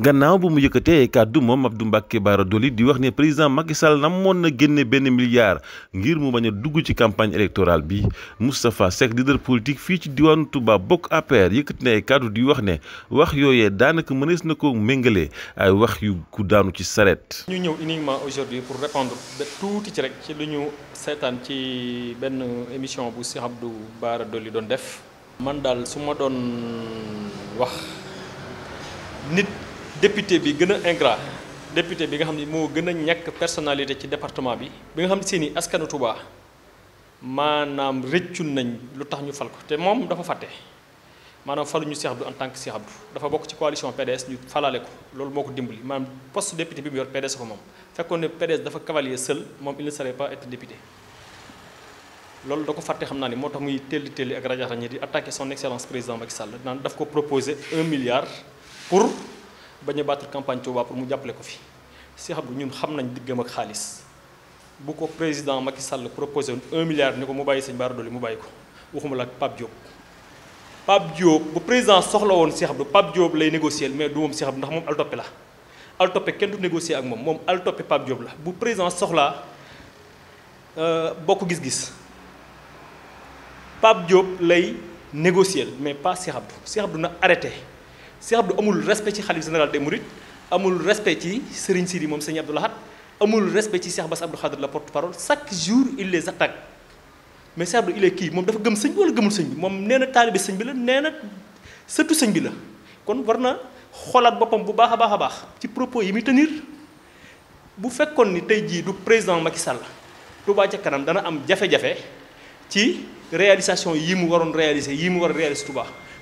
gannaaw bu mu yëkkatee kàddu moom Abdou Mbacké Bara Dolly di wax ne président Macky Sall namoon na génne benn milliard ngir mu bañ a dugg ci campagne électorale bi Moustapha Seck leader politique fii ci diwaanu Touba bokk APR yëkkati na ay kàddu di wax ne wax yooyee daanaka mënees na ko méngale ay wax yu ku daanu ci saret ñu ñëw uniquement aujourd'hui pour répondre tuuti ci rek ci lu ñu seetaan ci benn émission bu Cheikh Abdou Bara Dolly doon def man daal su doon wax député bi gëna ingrat député bi nga xamni mo gëna ñek personnalité ci département bi bi nga xamni ne seeni askanu Touba manam rëccul nañ lutax ñu fal ko té mom dafa faté manam maanaam ñu Cheikh Abdou en tant que Cheikh Abdou dafa bokk ci coalition PDS ñu falalé ko loolu moko dimbali manam poste député bi mu yor PDS ko mom fekkone PDS dafa cavalier seul mom il ne serait pas être député loolu da ko fàtte xam ni motax muy telli telli ak rajax ñi di attaquer son excellence président Macky Sall naan daf ko proposer 1 milliard pour bañu battre campagne Touba pour mu jàppale ko fi Cheikh Abdou ñun xam nañ diggam ak xaalis bu ko président Macky Sall proposé 1 milliard ni ko mu baye sëñ Baradoli mu bàyyi ko waxuma la Pape Diop. Pape Diop bu président soxla woon Cheikh Abdou Pape Diop lay négocier mais du moom Cheikh Abdou ndax moom altoppe la altoppe kenn du négocier ak mom moom altoppe Pape Diop la bu président soxla euh bokku gis-gis Pape Diop lay négocier mais pas Cheikh Abdou Cheikh Abdou na arrêté. Cheikh Abdou amul respect ci xalif général des Mourides amul respect ci Serigne Sidi moom Serigne Abdou Lahad amul respect ci Cheikh Bass Abdou Khadre la porte-parole chaque jour il les attaque mais Cheikh Abdou il est kii moom dafa gëm sëñ bi wala gëmul sëñ bi moom nee na taalibe sëñ bi la nee na sëtu sëñ bi la kon war na xoolaat boppam bu baax a baax a baax ci propos yi muy tenir bu fekkoon ni tey jii du président Macky Sall Touba ca kanam dana am jafe-jafe ci réalisation yi mu waroon réaliser yi mu war a réaliser Touba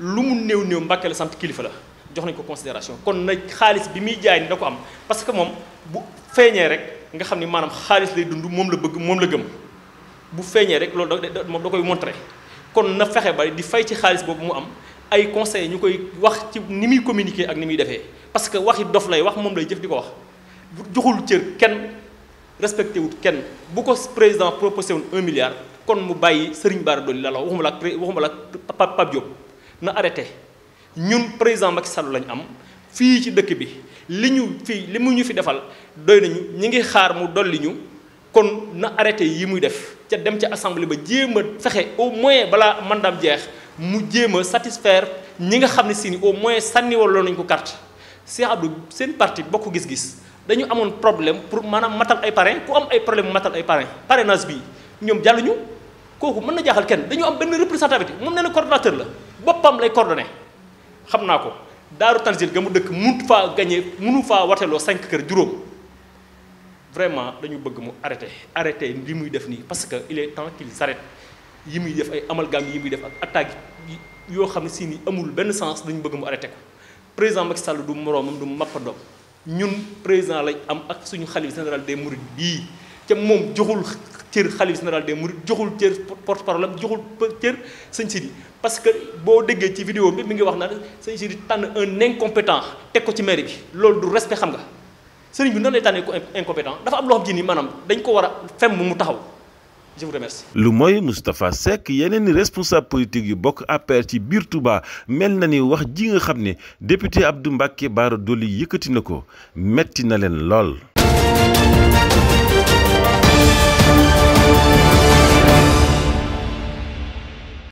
lu mu néew néew Mbàkke la sant kilifa la jox ko considération kon na xaalis bi muy jaay ni am parce que mom bu feeñee rek nga xamni manam xaliss lay dund mom la bëgg mom la gëm bu feeñee rek loolu da moom da koy montrer kon na fexé ba di fay ci xaliss bobu mu am ay conseils ñukoy wax ci ni muy communiquer ak ni muy defee parce que waxi dof lay wax mom lay jëf diko ko wax joxul cër kenn respecté wut kenn bu ko président proposé woon un milliard kon mu bayyi Serigne Bara Dolly la la waxuma la ak waxuma la pap Pape Diop na arrêté ñun président Macky Sall lañ am fi ci dëkk bi liñu fi fii li mu ñu fi defal doy nañu ñi ngi xaar mu doli ñu kon na arrêté yi muy def ca dem ci assemblée ba jéem fexé au moins balaa mandaam jeex mu jéem satisfaire ñi nga xamni sini au moins sànni wala nañ ko carte Cheikh Abdou seen parti bokku gis-gis dañu amone problème pour manam matal ay parrain ku am ay problème matal ay parrain parrainage bi ñom jallu ñu koku mëna jaxal kenn dañu am ben représentativité mom nee na coordonnateur la bopam lay coordonné xam naa ko daaru tanzil gamu deuk dëkk fa gagner munu fa watelo 5 kër juróom vraiment dañu bëgg mu arrêter arrêter li muy def ni parce que il est temps qu'il s'arrête yi muy def ay amalgame yi muy def ak attaque yo xamni ne si ni amul ben sens dañu bëgg mu arrêter ko président Macky Sall du moromam du mappandoom ñun président lañ am ak suñu xalif général des mourides bi ca mom joxul cër xalif général des Mourid, joxul cër porte parole am joxul cër sëñ Sidi parce que boo déggee ci vidéo bi mi ngi wax naan sëñ Sidi tànn un incompétent teg ko ci mairie bi loolu du respect xam nga sëriñ bi nan lay tànnee incompétent dafa am loo xam ji ni maanaam dañ ko war a mu taxaw je vous remercie. lu mooy Moustapha Seck yeneen responsable politique yu bokk APR ci biir Touba mel na ni wax ji nga xamné député Abdou Mbacké Baro Doli yëkëti nako. metti na leen lool.